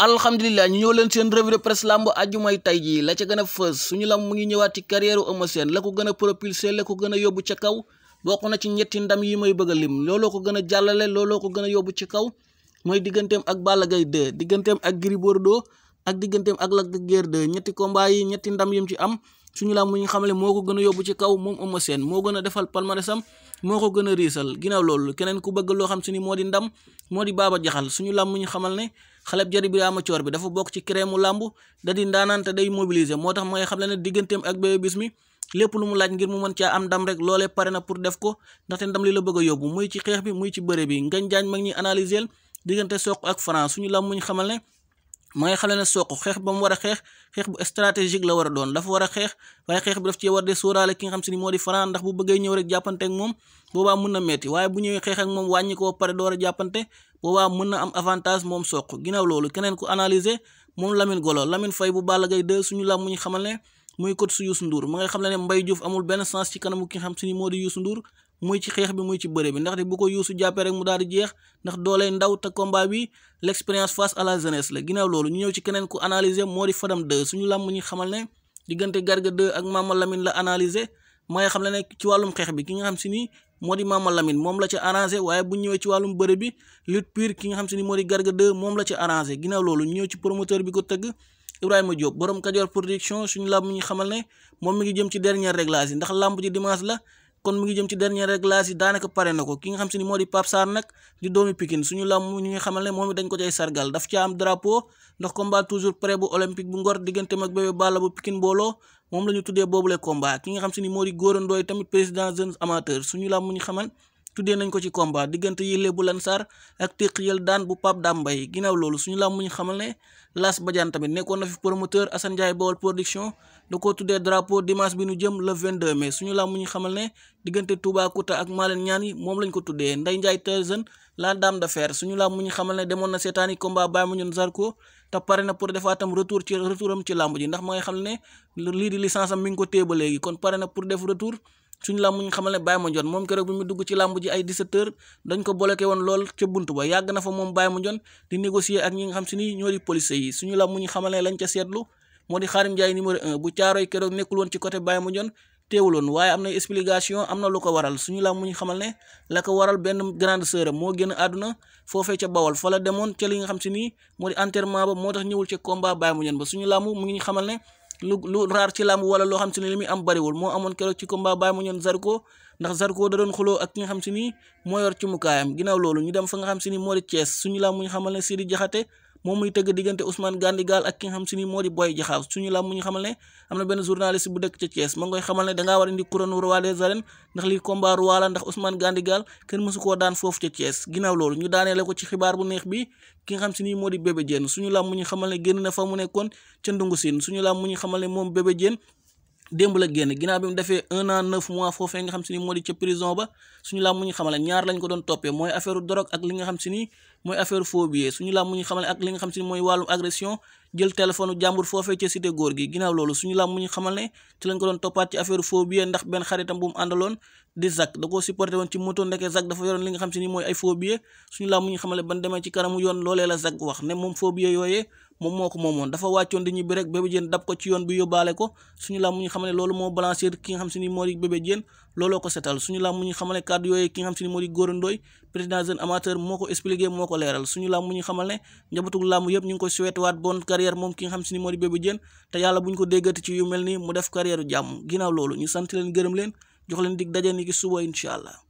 alhamdulilah ñu ñëw leen seen revue de presse lamb ajumay tay jii la ca gën a fës suñu lamb mu ngi ñëwaat ci carrière Eumeu Sène la ko gën a propulsé la ko gën a yóbbu ca kaw bokk na ci ñetti ndam yi may bëgg lim looloo ko gën a jàllale looloo ko ci kaw mooy digganteem ak Balla Gaye 2 digganteem ak Gris Bordeaux ak digganteem ak lag de Guiers ñetti combat yi ñetti ndam yim ci am suñu lamb mu ñu ne moo ko gën a yóbbu ci kaw moom Eumeu Sène moo gën a defal palmarèsam moo ko gën a riisal ginnaaw loolu keneen ku bëgg loo xam si ni moo di ndam moo di Baba Jaxal suñu lamb mu ñu xamal ne xale bu Jari Birama Coor bi dafa bokk ci crème mu làmb da di ndaanaan te day mobiliser moo tax mooy xam ne digganteem ak Bébé Bismi lépp lu mu laaj ngir mu mën caa am ndam rek loole pare na pour def ko ndaxte ndam li la bëgg a yóbbu muy ci xeex bi muy ci bëre bi ngañ jaañ mag ñi analyser diggante soq ak franc suñu làmb muñ xamal ne ma ngay xam ne soq xeex ba mu war a xeex xeex bu stratégique la war a doon dafa war a xeex waaye xeex bi daf cee war de sóoraale ki nga xam si ni moo di Franc ndax bu bëggee ñëw rek jàppante ak moom boobaa mun na bu ñëwee xeex ak moom wàññi ko pare door na am avantage moom soq ginnaaw loolu keneen ku analyser moom Lamine Golo Lamine Faye bu Balla Gaye 2 suñu làmb mu ñu xamal ne muy coach su Youssou Ndour ma ngay xam ne Mbaye Diouf amul benn sens ci kanamu ki nga xam si ni moo di Youssou Ndour muy ci xeex bi muy ci bëre bi ndaxte bu ko yuusu jàppee rek mu daal di jeex ndax doolay ndaw te combat bi l' expérience face à la jeunesse la ginnaaw loolu ñu ñëw ci keneen ku moo di Fadam 2 suñu ñu xamal ne diggante Garga 2 ak Mama la analyser mooy xam le ne ci wàllum xeex bi ki nga xam si ni moo di Mama Lamine la ci arrangé waaye bu ñëwee ci wàllum bëre bi ki nga xam si ni moo di Garga 2 moom la ci arrangé ginnaaw ñëw ci promoteur bi ko tëgg Ibrahima Diop borom Kajoor production suñu làmb ñu xamal ne moom mi ngi jëm ci dernier réglage yi ndax làmb ci dimanche la kon mu ngi jëm ci dernière glace yi daanaka pare na ko ki nga xam si ni moo di Pape Sarr nag di doomi Pikine suñu làmb ñu ngi xamal ne moom dañ ko cay sargal daf ca am drapeau ndax combat toujours prêt bu olympique bu ngor digganteem mag bébé Balla bu Pikine mbooloo moom la ñu tuddee boobule combat ki nga xam si ni moo di góorandooy tamit président jeunes amateurs suñu làmb ñu xamal tuddee nañ ko ci combat diggante Yile bu Lansar ak Tekk Yël daan bu Pape Dambay ginnaaw loolu suñu làmb mu ñu xamal ne Las Badiane tamit nekkoon na fi promoteur Assane Ndiaye Bawol production da ko tuddee drapeau dimanche bi nu jëm le 22 mai suñu làmb mu ñu xamal ne diggante Toubacouta ak Malen ñaan yi moom lañ ko tuddee Ndeye Ndiaye Tyson la dame de fer suñu làmb mu ñu xamal ne demoon na seetaani combat Baye Mandione Zarko te pare na pour defaatam retour ci retouram ci làmb ji ndax ma ngay xam ne lii di licence am mi ngi ko téye ba léegi kon pare na pour def retour. suñ làmb ñu xamal ne Baye Mandione moom keroog bi mu dugg ci làmb ji ay 17 heures dañ ko bloqué woon lool ca bunt ba yàgg na fa moom Baye Mandione di négocier ak ñi nga xam si ni ñoo di police yi suñu làmb ñu xamal ne lañ ca seetlu moo di Xaarim Njaay numéro 1 bu caaroy keroog nekkul woon ci côté Baye Mandione teewuloon waaye am na explication am na lu ko waral suñu làmb ñu xamal ne la waral benn grande sœur moo génn àdduna foofee ca Bawol fa la demoon ca nga xam si nii moo di ba moo tax ñëwul ca combat Baye Mandione ba suñu làmb mu ngi ñu xamal ne lu lu raar ci làmb wala loo xam si ne li mi am bariwul moo amoon keroog ci combat Baye ñoon Zarko ndax Zarko da doon xuloo ak ki nga xam si ni moo yor ci mukaayam ginnaaw loolu ñu dem fa nga xam si ni moo di su suñu làmb ñu xamal ne Sidi Jaxate moom muy tëgg diggante Ousmane Gandigal ak ki nga xam si ni moo di Boy Jaxaaw suñu làmb mu ñu xamal ne am na benn journaliste bu dëkk ca Thiès ma ngi koy xamal ne dangaa war indi couronne roi des arènes ndax lii combat roi ndax Ousmane Gandigal kenn mësu koo daan foofu ca Thiès loolu ñu daaneele ko ci xibaar bu neex bi ki nga xam si ni moo di Bébé Diène suñu làmb mu ñu xamal ne génn na fa mu nekkoon ca Ndungu Sine suñu làmb mu ñu xamal ne moom Bébé démb la génn ginnaaw bi mu defee un an neuf mois foofee nga xam si ni moo di ca prison ba suñu ñu xamale ñaar lañ ko doon toppee mooy affaire drogue ak li nga xam si ni mooy affaire faux billets ñu xamale ak li nga xam si ni mooy wàllum agression jël téléphone jàmbur foofee gi ginnaaw loolu suñu làmb ñu xamal ne ci lañ ko doon toppaat ci affaire faux billets ndax benn xaritam bu mu àndaloon di Zak da koo supporté woon ci moto xamale ban demee ci kanamu yoon loolee la Zak wax ne moom faux billets moom moo ko moomoon dafa wàccoon di ñibbi rek bébé jeen dab ko ci yoon bi yóbbaale ko suñu làmb ñu xam ne loolu moo balancer ki xam si ni moo di bébé jeen looloo ko setal suñu làmb ñu xamal ne kàddu yooyu ki nga xam si moo di Gora Ndoye président jeune amateur moo ko expliqué moo ko leeral suñu làmb ñu xamal ne njabootug làmb yëpp ñu ngi ko souhaité waat bonne carrière moom ki nga xam si ni moo di bébé te yàlla buñ ko déggati ci yu mel nii mu def carrière jàmm ginnaaw loolu ñu sant leen gërëm leen jox leen dig daje ni ki suba incha